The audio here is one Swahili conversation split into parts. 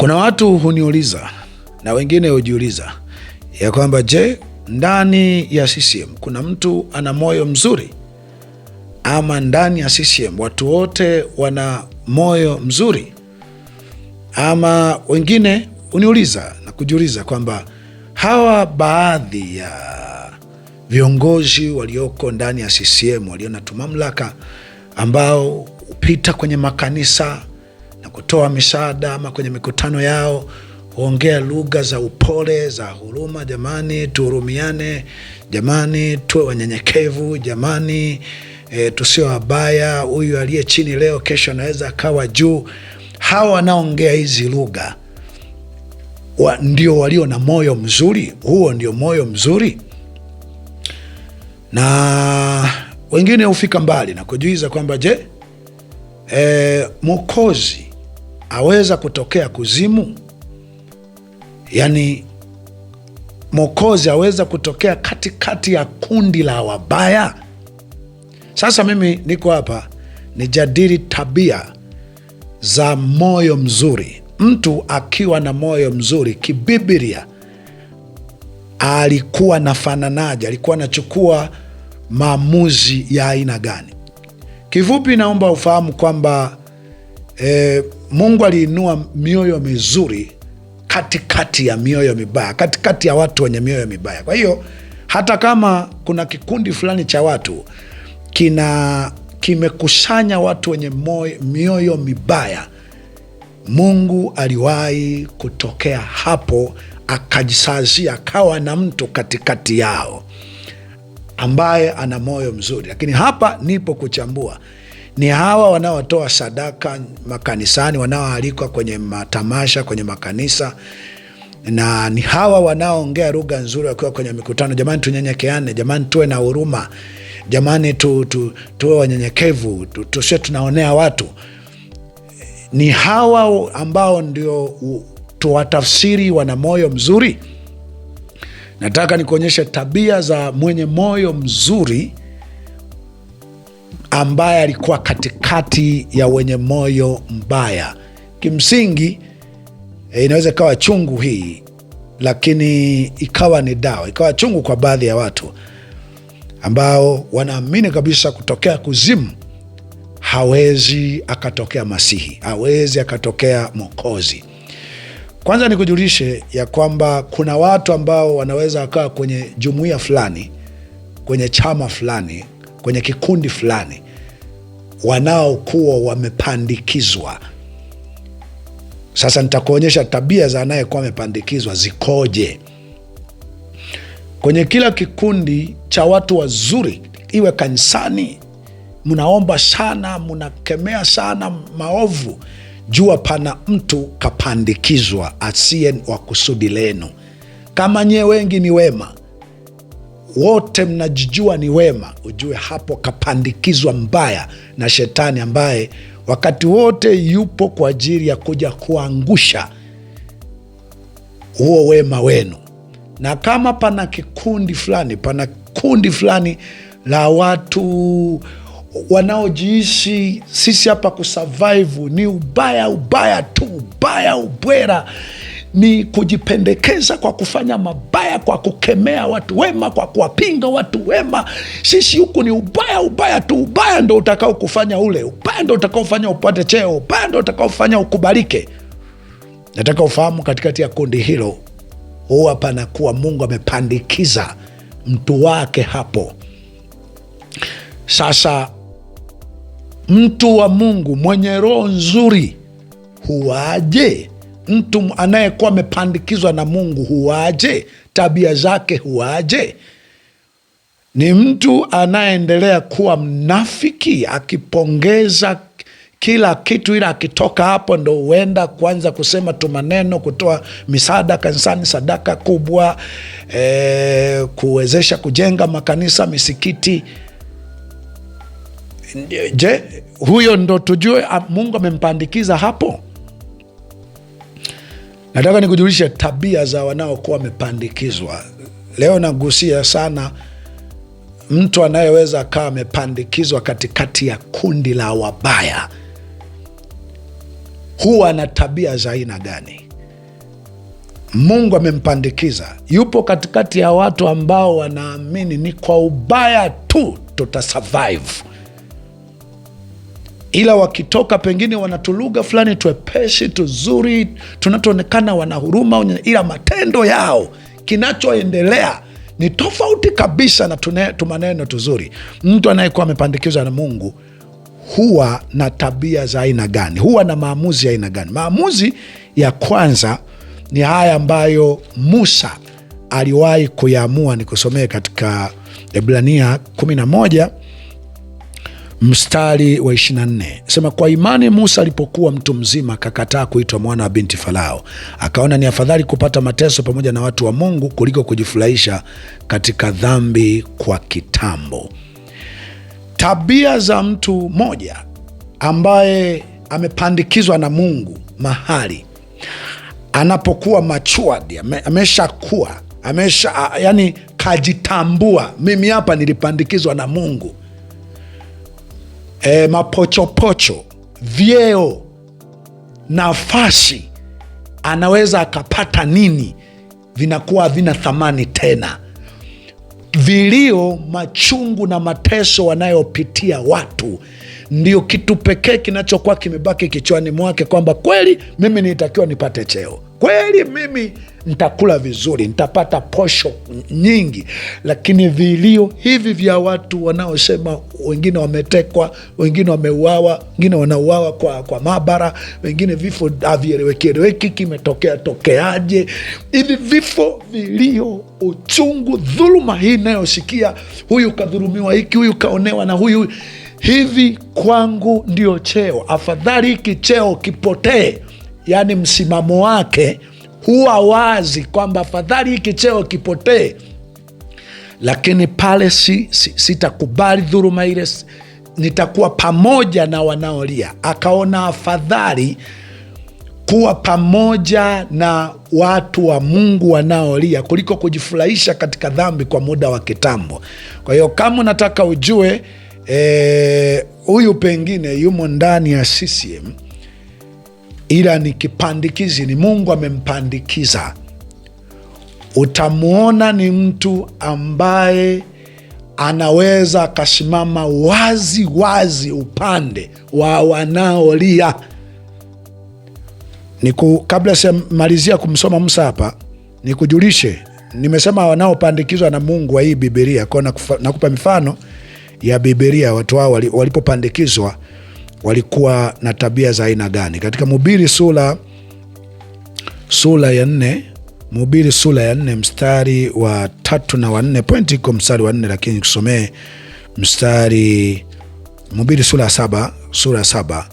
Kuna watu huniuliza na wengine hujiuliza ya kwamba je, ndani ya CCM kuna mtu ana moyo mzuri ama ndani ya CCM watu wote wana moyo mzuri? Ama wengine huniuliza na kujiuliza kwamba hawa baadhi ya viongozi walioko ndani ya CCM walio na mamlaka ambao hupita kwenye makanisa kutoa misaada ama kwenye mikutano yao huongea lugha za upole za huruma. Jamani, tuhurumiane. Jamani, tuwe wanyenyekevu. Jamani, e, tusio wabaya. Huyu aliye chini leo, kesho anaweza akawa juu. Hawa wanaongea hizi lugha wa, ndio walio na moyo mzuri. Huo ndio moyo mzuri, na wengine hufika mbali na kujuiza kwamba je, e, Mwokozi aweza kutokea kuzimu? Yaani mwokozi aweza kutokea katikati kati ya kundi la wabaya? Sasa mimi niko hapa nijadili tabia za moyo mzuri. Mtu akiwa na moyo mzuri kibibilia alikuwa na fananaji Alikuwa anachukua maamuzi ya aina gani? Kifupi, naomba ufahamu kwamba eh, Mungu aliinua mioyo mizuri katikati ya mioyo mibaya, katikati ya watu wenye mioyo mibaya. Kwa hiyo hata kama kuna kikundi fulani cha watu kina kimekusanya watu wenye mioyo mibaya, Mungu aliwahi kutokea hapo akajisazia akawa na mtu katikati yao ambaye ana moyo mzuri. Lakini hapa nipo kuchambua ni hawa wanaotoa sadaka makanisani, wanaoalikwa kwenye matamasha, kwenye makanisa na ni hawa wanaoongea lugha nzuri wakiwa kwenye mikutano. Jamani, tunyenyekeane. Jamani, tuwe na huruma. Jamani, tu, tu, tuwe wanyenyekevu, tusiwe tunaonea watu. Ni hawa ambao ndio tuwatafsiri wana moyo mzuri. Nataka nikuonyeshe tabia za mwenye moyo mzuri ambaye alikuwa katikati ya wenye moyo mbaya. Kimsingi e, inaweza ikawa chungu hii, lakini ikawa ni dawa, ikawa chungu kwa baadhi ya watu ambao wanaamini kabisa kutokea kuzimu hawezi akatokea Masihi, hawezi akatokea Mwokozi. Kwanza nikujulishe ya kwamba kuna watu ambao wanaweza wakawa kwenye jumuiya fulani, kwenye chama fulani kwenye kikundi fulani wanaokuwa wamepandikizwa. Sasa nitakuonyesha tabia za anayekuwa amepandikizwa zikoje. Kwenye kila kikundi cha watu wazuri, iwe kanisani, mnaomba sana, mnakemea sana maovu, jua pana mtu kapandikizwa asiye wa kusudi lenu. Kama nyie wengi ni wema wote mnajijua ni wema, ujue hapo kapandikizwa mbaya na shetani ambaye wakati wote yupo kwa ajili ya kuja kuangusha huo wema wenu. Na kama pana kikundi fulani, pana kundi fulani la watu wanaojiishi sisi hapa kusurvive ni ubaya, ubaya tu, ubaya ubwera ni kujipendekeza kwa kufanya mabaya, kwa kukemea watu wema, kwa kuwapinga watu wema. Sisi huku ni ubaya, ubaya tu. Ubaya ndo utakao kufanya ule, ubaya ndo utakaofanya upate cheo, ubaya ndo utakaofanya ukubalike. Nataka ufahamu katikati ya kundi hilo huwa panakuwa Mungu amepandikiza mtu wake hapo. Sasa mtu wa Mungu mwenye roho nzuri huwaje? Mtu anayekuwa amepandikizwa na Mungu huwaje? Tabia zake huwaje? Ni mtu anayeendelea kuwa mnafiki, akipongeza kila kitu, ila akitoka hapo ndo huenda kuanza kusema tu maneno, kutoa misaada kanisani, sadaka kubwa, e, kuwezesha kujenga makanisa, misikiti. Je, huyo ndo tujue Mungu amempandikiza hapo? Nataka nikujulisha tabia za wanaokuwa wamepandikizwa. Leo nagusia sana mtu anayeweza akawa amepandikizwa katikati ya kundi la wabaya, huwa na tabia za aina gani? Mungu amempandikiza, yupo katikati ya watu ambao wanaamini ni kwa ubaya tu tutasurvive ila wakitoka pengine wanatuluga fulani twepeshi tuzuri, tunatoonekana wanahuruma ila matendo yao kinachoendelea ni tofauti kabisa na tumaneno tuzuri. Mtu anayekuwa amepandikizwa na Mungu huwa na tabia za aina gani? Huwa na maamuzi ya aina gani? Maamuzi ya kwanza ni haya ambayo Musa aliwahi kuyaamua, nikusomee katika Ebrania 11 mstari wa 24, sema kwa imani Musa alipokuwa mtu mzima akakataa kuitwa mwana wa binti Farao, akaona ni afadhali kupata mateso pamoja na watu wa Mungu kuliko kujifurahisha katika dhambi kwa kitambo. Tabia za mtu mmoja ambaye amepandikizwa na Mungu mahali anapokuwa machuadi, ameshakuwa amesha, yani kajitambua, mimi hapa nilipandikizwa na Mungu e, eh, mapochopocho, vyeo, nafasi, anaweza akapata nini, vinakuwa havina thamani tena. Vilio, machungu na mateso wanayopitia watu ndio kitu pekee kinachokuwa kimebaki kichwani mwake kwamba kweli mimi nitakiwa nipate cheo kweli mimi ntakula vizuri, ntapata posho nyingi, lakini vilio hivi vya watu wanaosema, wengine wametekwa, wengine wameuawa, wengine wanauawa kwa, kwa maabara, wengine vifo havielewekieleweki, kimetokea tokeaje? Hivi vifo, vilio, uchungu, dhuluma hii inayosikia, huyu kadhulumiwa hiki, huyu kaonewa na huyu hivi, kwangu ndio cheo. Afadhali hiki cheo kipotee yani msimamo wake huwa wazi kwamba afadhali hiki cheo kipotee, lakini pale si, si, sitakubali dhuruma ile, nitakuwa pamoja na wanaolia. Akaona afadhali kuwa pamoja na watu wa Mungu wanaolia kuliko kujifurahisha katika dhambi kwa muda wa kitambo. Kwa hiyo kama unataka ujue eh, huyu e, pengine yumo ndani ya CCM ila ni kipandikizi, ni Mungu amempandikiza. Utamwona ni mtu ambaye anaweza akasimama wazi wazi upande wa wanaolia. Niku, kabla siamalizia kumsoma Musa hapa, nikujulishe nimesema wanaopandikizwa na Mungu wa hii Bibilia kwao, nakupa mifano ya Bibilia watu hao walipopandikizwa walikuwa na tabia za aina gani? Katika Mhubiri sura sura ya nne Mhubiri sura ya nne mstari wa tatu na wanne Pointi iko mstari wa nne, lakini kusomee mstari Mhubiri sura ya saba sura ya saba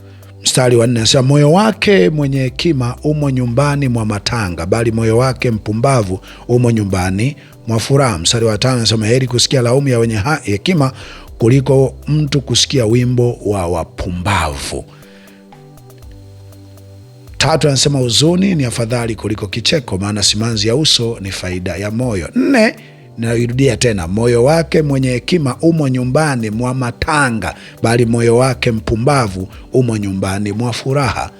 mstari wa nne anasema, moyo wake mwenye hekima umo nyumbani mwa matanga, bali moyo wake mpumbavu umo nyumbani mwa furaha. Mstari wa tano anasema, heri kusikia laumu ya wenye hekima kuliko mtu kusikia wimbo wa wapumbavu. Tatu, anasema huzuni ni afadhali kuliko kicheko, maana simanzi ya uso ni faida ya moyo. Nne, nairudia tena, moyo wake mwenye hekima umo nyumbani mwa matanga, bali moyo wake mpumbavu umo nyumbani mwa furaha.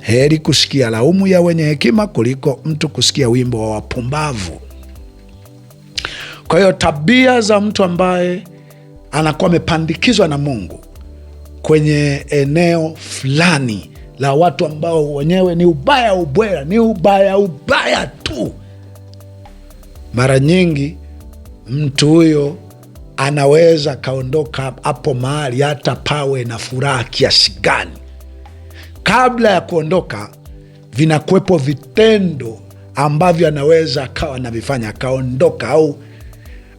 Heri kusikia laumu ya wenye hekima kuliko mtu kusikia wimbo wa wapumbavu. Kwa hiyo tabia za mtu ambaye anakuwa amepandikizwa na Mungu kwenye eneo fulani la watu ambao wenyewe ni ubaya ubwera, ni ubaya ubaya tu. Mara nyingi mtu huyo anaweza kaondoka hapo mahali hata pawe na furaha kiasi gani, kabla ya kuondoka vinakuwepo vitendo ambavyo anaweza akawa anavifanya akaondoka au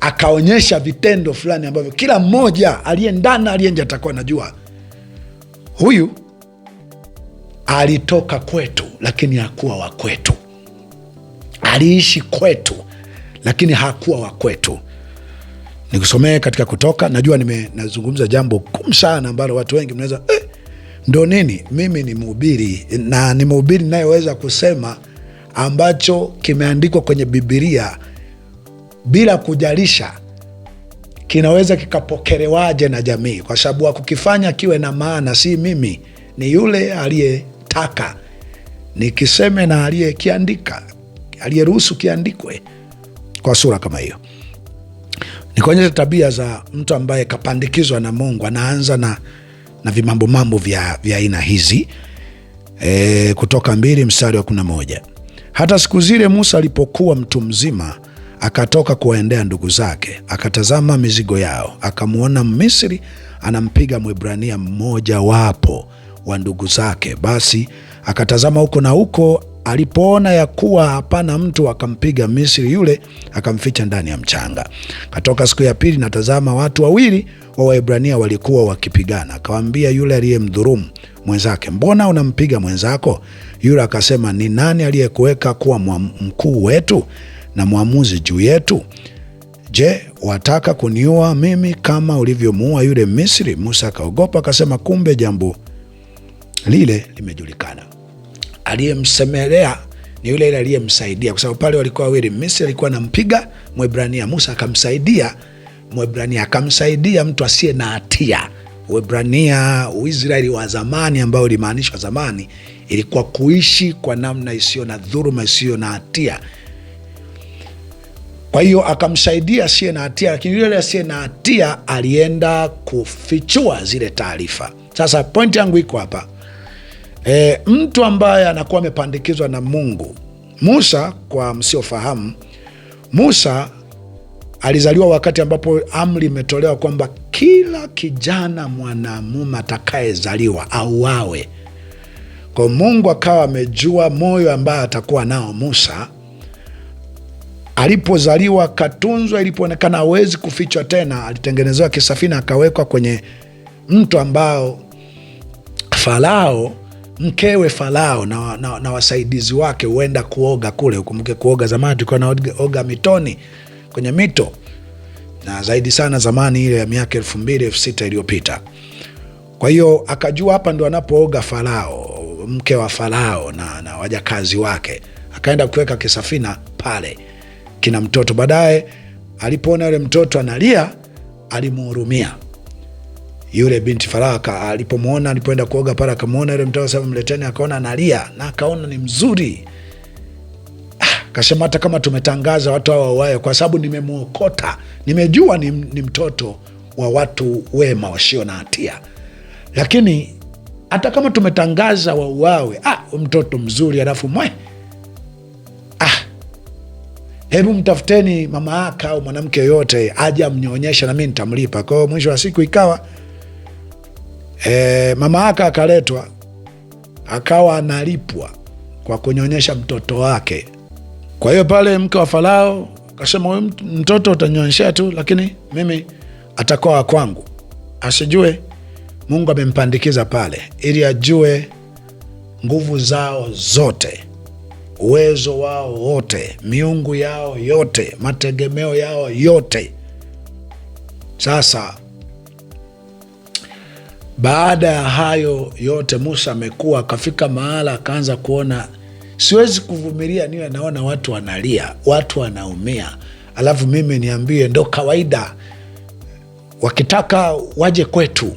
akaonyesha vitendo fulani ambavyo kila mmoja aliye ndani aliye nje atakuwa anajua huyu alitoka kwetu, lakini hakuwa wa kwetu, aliishi kwetu, lakini hakuwa wa kwetu. Nikusomee katika Kutoka. Najua nimezungumza jambo kumu sana ambalo watu wengi mnaweza eh, ndo nini? Mimi ni mhubiri na ni mhubiri nayeweza kusema ambacho kimeandikwa kwenye Bibilia bila kujalisha kinaweza kikapokelewaje na jamii, kwa sababu wakukifanya kiwe na maana, si mimi, ni yule aliyetaka nikiseme na aliyekiandika, aliyeruhusu kiandikwe kwa sura kama hiyo. Nikuonyesha tabia za mtu ambaye kapandikizwa na Mungu, anaanza na, na vimambomambo vya aina hizi e, Kutoka mbili mstari wa kumi na moja hata siku zile Musa alipokuwa mtu mzima Akatoka kuwaendea ndugu zake, akatazama mizigo yao, akamwona Mmisri anampiga Mwebrania mmoja wapo wa ndugu zake. Basi akatazama huko na huko, alipoona ya kuwa hapana mtu, akampiga Misri yule, akamficha ndani ya mchanga. Katoka siku ya pili, natazama watu wawili wa Waebrania walikuwa wakipigana. Akawaambia yule aliyemdhurumu mwenzake, mbona unampiga mwenzako? Yule akasema, ni nani aliyekuweka kuwa mkuu wetu? na mwamuzi juu yetu? Je, wataka kuniua mimi kama ulivyomuua yule Misri? Musa akaogopa akasema, kumbe jambo lile limejulikana. Aliyemsemelea ni yule ile aliyemsaidia, kwa sababu pale walikuwa wawili. Misri alikuwa anampiga Mwebrania, Musa akamsaidia Mwebrania, akamsaidia mtu asiye na hatia. Uebrania, Uisraeli wa zamani ambao ulimaanishwa zamani, ilikuwa kuishi kwa namna isiyo na dhuruma isiyo na hatia. Kwa hiyo akamsaidia asiye na hatia, lakini yule asiye na hatia alienda kufichua zile taarifa. Sasa pointi yangu iko hapa e, mtu ambaye anakuwa amepandikizwa na Mungu. Musa, kwa msiofahamu, Musa alizaliwa wakati ambapo amri imetolewa kwamba kila kijana mwanamume atakayezaliwa auawe. Kwa Mungu akawa amejua moyo ambaye atakuwa nao Musa alipozaliwa akatunzwa, ilipoonekana hawezi kufichwa tena, alitengenezewa kisafina akawekwa kwenye mto ambao Farao mkewe Farao na, na, na wasaidizi wake huenda kuoga kule. Ukumbuke kuoga zamani tulikuwa naoga mitoni kwenye mito, na zaidi sana zamani ile ya miaka elfu mbili elfu sita iliyopita. Kwa hiyo akajua hapa ndo anapooga Farao, mke wa Farao na, na wajakazi wake, akaenda kuweka kisafina pale kina mtoto. Baadaye alipoona yule mtoto analia, alimuhurumia yule binti Faraka. Alipomwona, alipoenda kuoga pale, akamwona yule mtoto sasa, mleteni, akaona analia na akaona ni mzuri ah, Kasema hata kama tumetangaza watu hawa wawaye, kwa sababu nimemwokota, nimejua ni, ni mtoto wa watu wema wasio na hatia, lakini hata kama tumetangaza wauawe, ah, mtoto mzuri, alafu mwe hebu mtafuteni mama aka au mwanamke yoyote aje amnyonyeshe na ntamlipa nitamlipa. Kwa hiyo mwisho wa siku ikawa e, mama aka akaletwa, akawa analipwa kwa kunyonyesha mtoto wake. Kwa hiyo pale mke wa Farao akasema, huyu mtoto utanyonyeshea tu, lakini mimi atakuwa wa kwangu, asijue Mungu amempandikiza pale, ili ajue nguvu zao zote uwezo wao wote, miungu yao yote, mategemeo yao yote. Sasa baada ya hayo yote, Musa amekuwa akafika mahala akaanza kuona, siwezi kuvumilia niwe naona watu wanalia, watu wanaumia, alafu mimi niambie ndo kawaida, wakitaka waje kwetu,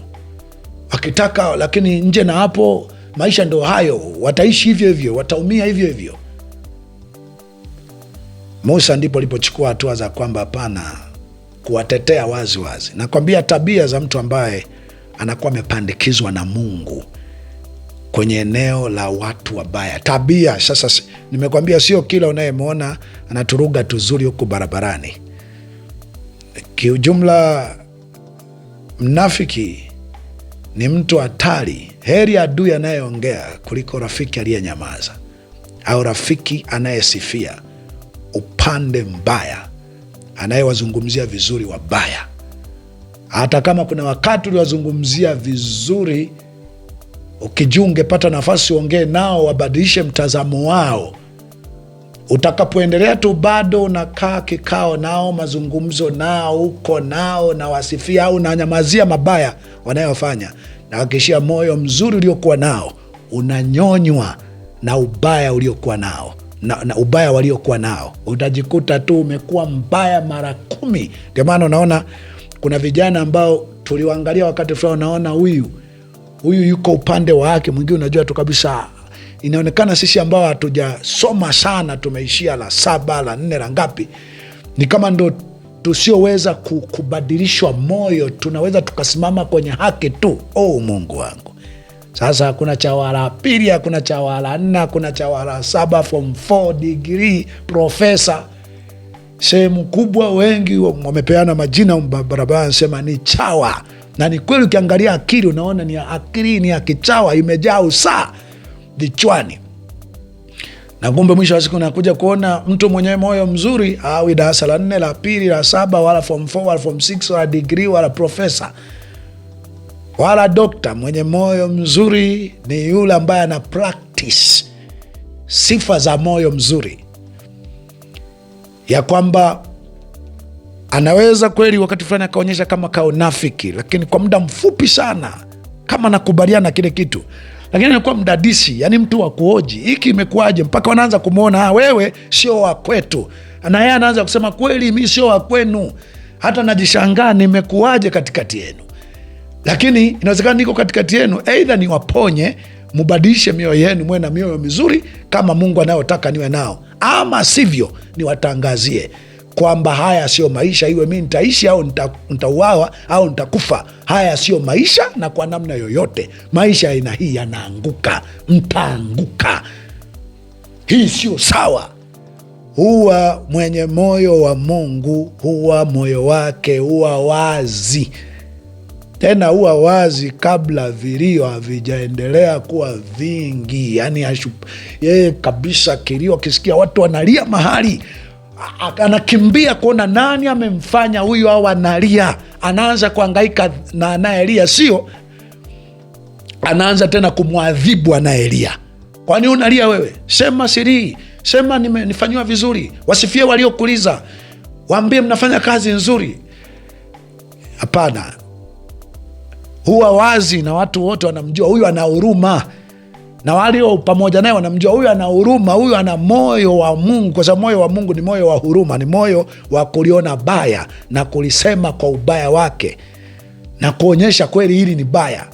wakitaka lakini nje na hapo, maisha ndo hayo, wataishi hivyo hivyo, wataumia hivyo hivyo. Musa ndipo alipochukua hatua za kwamba hapana, kuwatetea wazi wazi. Nakwambia tabia za mtu ambaye anakuwa amepandikizwa na Mungu kwenye eneo la watu wabaya, tabia sasa. Nimekwambia sio kila unayemwona anaturuga tuzuri huku barabarani. Kiujumla, mnafiki ni mtu hatari. Heri adui anayeongea kuliko rafiki aliyenyamaza au rafiki anayesifia upande mbaya, anayewazungumzia vizuri wabaya, hata kama kuna wakati uliwazungumzia vizuri ukijua ungepata nafasi uongee nao wabadilishe mtazamo wao. Utakapoendelea tu bado unakaa kikao nao, mazungumzo nao, uko nao na wasifia au nanyamazia mabaya wanayofanya, na hakikishia moyo mzuri uliokuwa nao unanyonywa na ubaya uliokuwa nao na, na ubaya waliokuwa nao, utajikuta tu umekuwa mbaya mara kumi. Ndio maana unaona kuna vijana ambao tuliwaangalia wakati fulani, unaona huyu huyu yuko upande wake mwingine unajua tu kabisa inaonekana sisi ambao hatujasoma sana tumeishia la saba la nne la ngapi, ni kama ndo tusioweza kubadilishwa moyo, tunaweza tukasimama kwenye haki tu. Oh, Mungu wangu. Sasa kuna cha wala pili, hakuna cha wala nne, hakuna cha wala saba, form 4 degree, profesa. Sehemu kubwa wengi wamepeana majina barabara, sema ni chawa, na ni kweli. Ukiangalia akili unaona ni akili ni ya kichawa, imejaa usaa vichwani na kumbe mwisho wa siku nakuja kuona mtu mwenye moyo mzuri awi darasa la nne la pili la saba wala form 4 wala form 6 wala digrii wala profesa wala dokta mwenye moyo mzuri ni yule ambaye ana practice sifa za moyo mzuri, ya kwamba anaweza kweli wakati fulani akaonyesha kama kaunafiki, lakini kwa muda mfupi sana kama nakubaliana kile kitu, lakini anakuwa mdadisi, yani mtu wa kuoji hiki imekuwaje, mpaka wanaanza kumwona ah, wewe sio wa kwetu, na yeye anaanza kusema kweli mi sio wa kwenu, hata najishangaa nimekuwaje katikati yenu lakini inawezekana niko katikati yenu, eidha niwaponye, mubadilishe mioyo yenu, mwe na mioyo mizuri kama Mungu anayotaka niwe nao, ama sivyo niwatangazie kwamba haya siyo maisha, iwe mi nitaishi au nitauawa au nitakufa. Haya siyo maisha, na kwa namna yoyote maisha ya aina hii yanaanguka, mtaanguka. Hii sio sawa. Huwa mwenye moyo wa Mungu, huwa moyo wake huwa wazi tena huwa wazi kabla vilio havijaendelea kuwa vingi. Yani yeye kabisa, kilio akisikia watu wanalia mahali anakimbia kuona nani amemfanya huyu au analia, anaanza kuangaika na anayelia, sio anaanza tena kumwadhibu anayelia. Kwani unalia wewe? Sema siri, sema nifanyiwa vizuri, wasifie waliokuliza waambie mnafanya kazi nzuri. Hapana huwa wazi na watu wote wanamjua huyu ana huruma, na walio pamoja naye wanamjua huyu ana huruma, huyu ana moyo wa Mungu, kwa sababu moyo wa Mungu ni moyo wa huruma, ni moyo wa kuliona baya na kulisema kwa ubaya wake na kuonyesha kweli hili ni baya.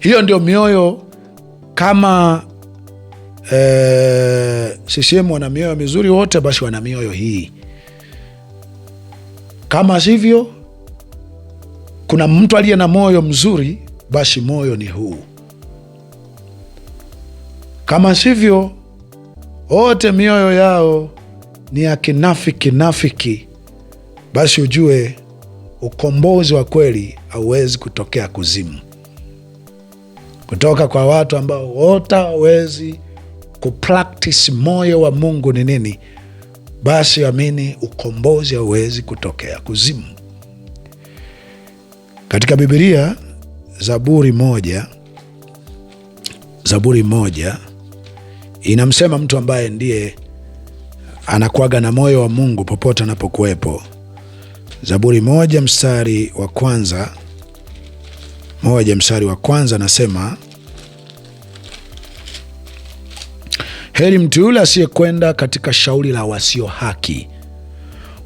Hiyo ndio mioyo kama e, eh, CCM wana mioyo mizuri wote, basi wana mioyo hii. Kama sivyo kuna mtu aliye na moyo mzuri, basi moyo ni huu. Kama sivyo, wote mioyo yao ni ya kinafiki nafiki, basi ujue ukombozi wa kweli hauwezi kutokea kuzimu, kutoka kwa watu ambao wote hawezi kupraktisi moyo wa Mungu ni nini. Basi amini, ukombozi hauwezi kutokea kuzimu. Katika bibilia Zaburi moja, Zaburi moja inamsema mtu ambaye ndiye anakuaga na moyo wa Mungu popote anapokuwepo. Zaburi moja mstari wa kwanza moja mstari wa kwanza anasema heri mtu yule asiyekwenda katika shauri la wasio haki,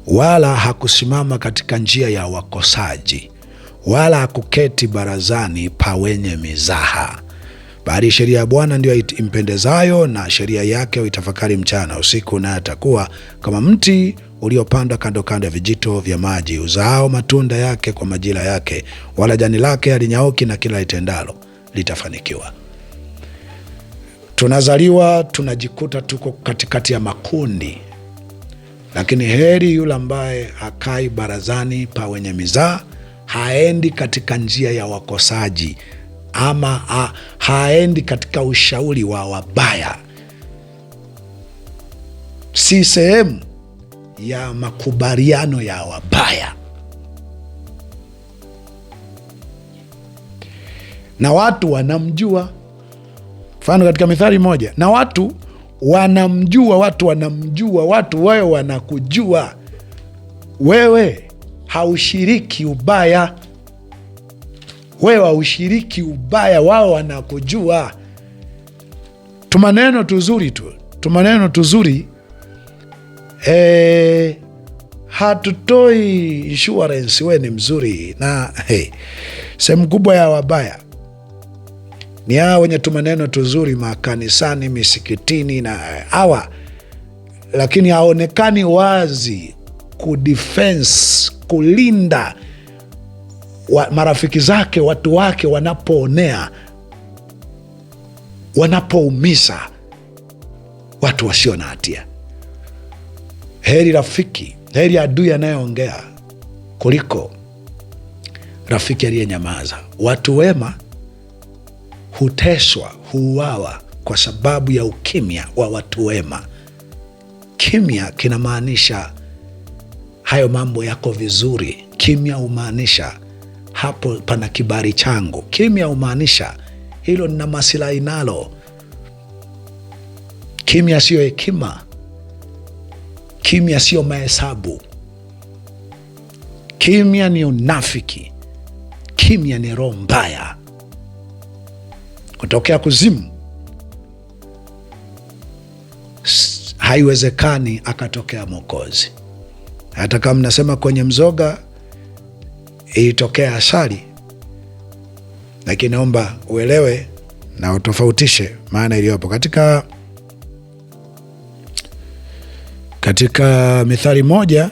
wala hakusimama katika njia ya wakosaji, wala hakuketi barazani pa wenye mizaha, bali sheria ya Bwana ndiyo impendezayo, na sheria yake itafakari mchana usiku, naye atakuwa kama mti uliopandwa kando kando ya vijito vya maji, uzao matunda yake kwa majira yake, wala jani lake halinyauki, na kila litendalo litafanikiwa. Tunazaliwa, tunajikuta tuko katikati ya makundi, lakini heri yule ambaye hakai barazani pa wenye mizaa haendi katika njia ya wakosaji ama ha, haendi katika ushauri wa wabaya, si sehemu ya makubaliano ya wabaya. Na watu wanamjua. Mfano katika Mithali moja, na watu wanamjua, watu wanamjua, watu wao wanakujua wewe haushiriki ubaya, wewe haushiriki ubaya, wao wanakujua. Tumaneno tuzuri tu, tumaneno tuzuri e, hatutoi insurance. We ni mzuri na hey, sehemu kubwa ya wabaya ni hawa wenye tumaneno tuzuri makanisani, misikitini na hawa, lakini haonekani wazi kudefense kulinda wa, marafiki zake, watu wake wanapoonea, wanapoumiza watu wasio na hatia. Heri rafiki, heri adui anayeongea kuliko rafiki aliyenyamaza. Watu wema huteswa, huuawa kwa sababu ya ukimya wa watu wema. Kimya kinamaanisha hayo mambo yako vizuri. Kimya humaanisha hapo pana kibali changu. Kimya humaanisha hilo nina masilahi nalo. Kimya siyo hekima, kimya siyo mahesabu, kimya ni unafiki, kimya ni roho mbaya kutokea kuzimu. Haiwezekani akatokea Mwokozi. Hata kama mnasema kwenye mzoga ilitokea asali, lakini naomba uelewe na utofautishe maana iliyopo katika katika Mithali moja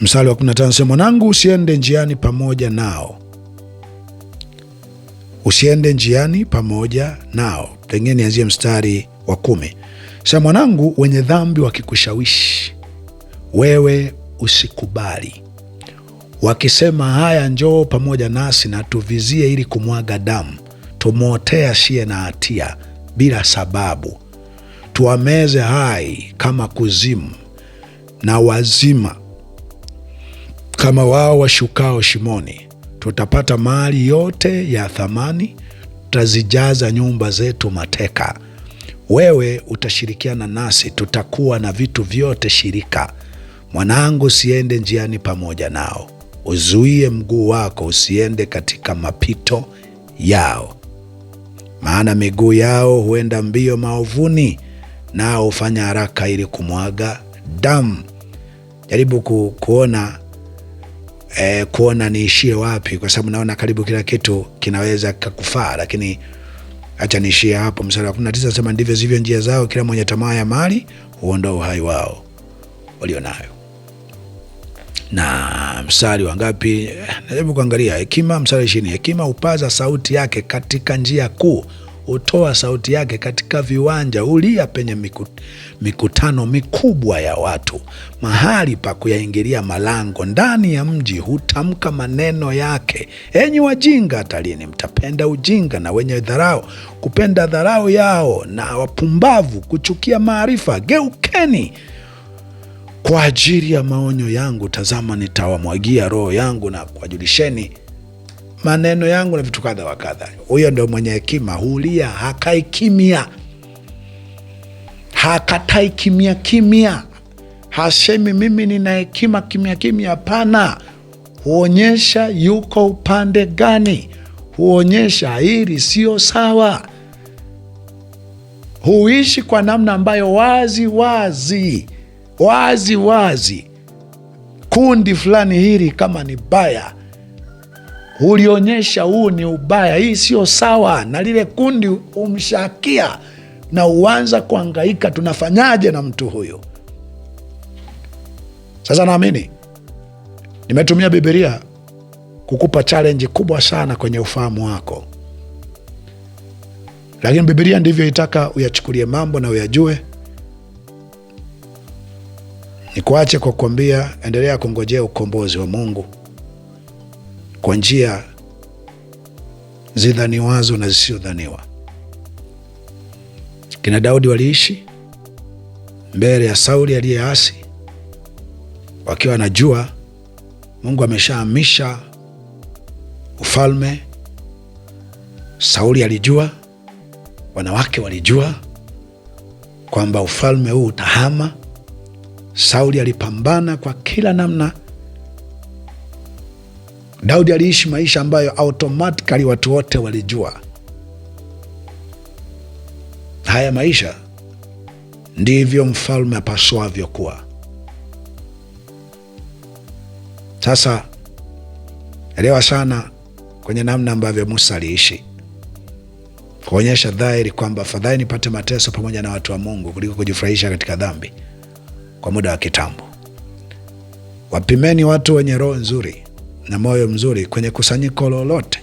mstari wa 15, sema mwanangu, usiende njiani pamoja nao, usiende njiani pamoja nao. Pengine nianzie mstari wa kumi. Sasa mwanangu, wenye dhambi wakikushawishi wewe usikubali, wakisema haya, njoo pamoja nasi na tuvizie ili kumwaga damu, tumwotea siye na hatia bila sababu, tuwameze hai kama kuzimu na wazima kama wao washukao shimoni. Tutapata mali yote ya thamani, tutazijaza nyumba zetu mateka wewe utashirikiana nasi, tutakuwa na vitu vyote shirika. Mwanangu, usiende njiani pamoja nao, uzuie mguu wako usiende katika mapito yao, maana miguu yao huenda mbio maovuni, nao hufanya haraka ili kumwaga damu. Jaribu ku, kuona eh, kuona niishie wapi, kwa sababu naona karibu kila kitu kinaweza kakufaa, lakini Acha niishie hapo. Mstari wa 19 sema ndivyo zivyo njia zao, kila mwenye tamaa ya mali huondoa uhai wao walio nayo. Na mstari wa ngapi? Najaribu kuangalia hekima, mstari ishirini. Hekima hupaza sauti yake katika njia kuu hutoa sauti yake katika viwanja hulia penye mikutano mikubwa ya watu, mahali pa kuyaingilia malango ndani ya mji. Hutamka maneno yake, enyi wajinga, hata lini mtapenda ujinga, na wenye dharau kupenda dharau yao, na wapumbavu kuchukia maarifa? Geukeni kwa ajili ya maonyo yangu, tazama nitawamwagia roho yangu na kuwajulisheni maneno yangu na vitu kadha wa kadha. Huyo ndo mwenye hekima, hulia, hakai kimya, hakatai kimya kimya, hasemi mimi nina hekima kimya kimya. Hapana, huonyesha yuko upande gani, huonyesha hili sio sawa, huishi kwa namna ambayo wazi wazi wazi wazi kundi fulani hili kama ni baya ulionyesha huu ni ubaya, hii sio sawa, na lile kundi humshakia na uanza kuangaika, tunafanyaje na mtu huyu? Sasa naamini nimetumia Bibilia kukupa chalenji kubwa sana kwenye ufahamu wako, lakini Bibilia ndivyo itaka uyachukulie mambo na uyajue. Nikuache kwa kuambia endelea kungojea ukombozi wa Mungu kwa njia zidhaniwazo na zisizodhaniwa. Kina Daudi waliishi mbele ya Sauli aliyeasi, wakiwa anajua Mungu ameshahamisha ufalme. Sauli alijua, wanawake walijua kwamba ufalme huu utahama. Sauli alipambana kwa kila namna Daudi aliishi maisha ambayo automatikali watu wote walijua haya maisha ndivyo mfalme apaswavyo kuwa. Sasa elewa sana kwenye namna ambavyo Musa aliishi kuonyesha dhahiri kwamba afadhali nipate mateso pamoja na watu wa Mungu kuliko kujifurahisha katika dhambi kwa muda wa kitambo. Wapimeni watu wenye roho nzuri na moyo mzuri kwenye kusanyiko lolote,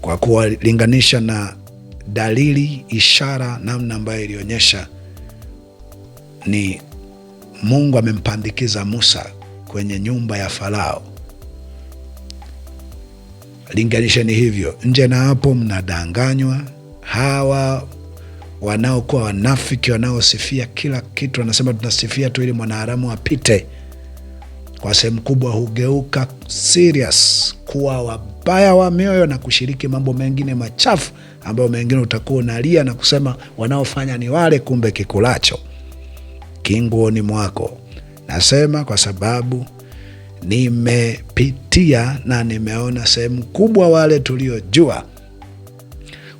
kwa kuwalinganisha na dalili, ishara, namna ambayo ilionyesha ni Mungu amempandikiza Musa kwenye nyumba ya Farao. Linganisheni hivyo. Nje na hapo, mnadanganywa. Hawa wanaokuwa wanafiki wanaosifia kila kitu, wanasema tunasifia tu ili mwanaharamu apite kwa sehemu kubwa hugeuka serious kuwa wabaya wa mioyo na kushiriki mambo mengine machafu ambayo mengine utakuwa unalia na kusema wanaofanya ni wale, kumbe kikulacho kinguoni mwako. Nasema kwa sababu nimepitia na nimeona sehemu kubwa wale tuliojua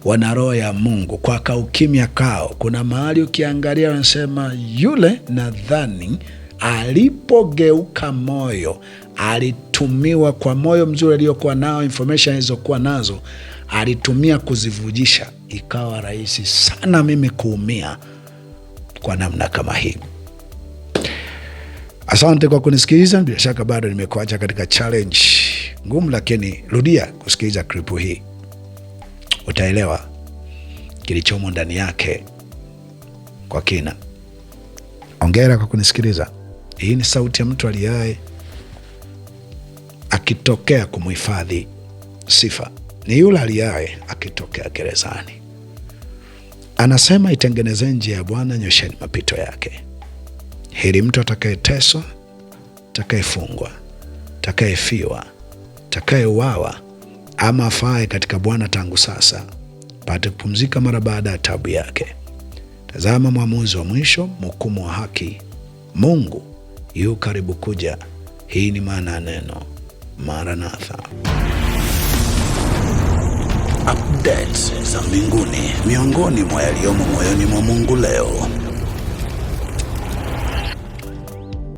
wana roho ya Mungu kwa kaukimya kao. Kuna mahali ukiangalia, wanasema yule nadhani Alipogeuka moyo, alitumiwa kwa moyo mzuri aliyokuwa nao, information alizokuwa nazo, alitumia kuzivujisha. Ikawa rahisi sana mimi kuumia kwa namna kama hii. Asante kwa kunisikiliza. Bila shaka bado nimekuacha katika challenge ngumu, lakini rudia kusikiliza klipu hii, utaelewa kilichomo ndani yake kwa kina. Ongera kwa kunisikiliza. Hii ni sauti ya mtu aliaye akitokea kumhifadhi sifa, ni yule aliaye akitokea gerezani. Anasema, itengeneze njia ya Bwana, nyosheni mapito yake. Heri mtu atakayeteswa, atakayefungwa, atakayefiwa, atakayeuawa ama afae katika Bwana tangu sasa, pate kupumzika mara baada ya tabu yake. Tazama mwamuzi wa mwisho, mhukumu wa haki, Mungu yu karibu kuja. Hii ni maana ya neno Maranatha. Updates za mbinguni, miongoni mwa yaliyomo moyoni mwa Mungu leo.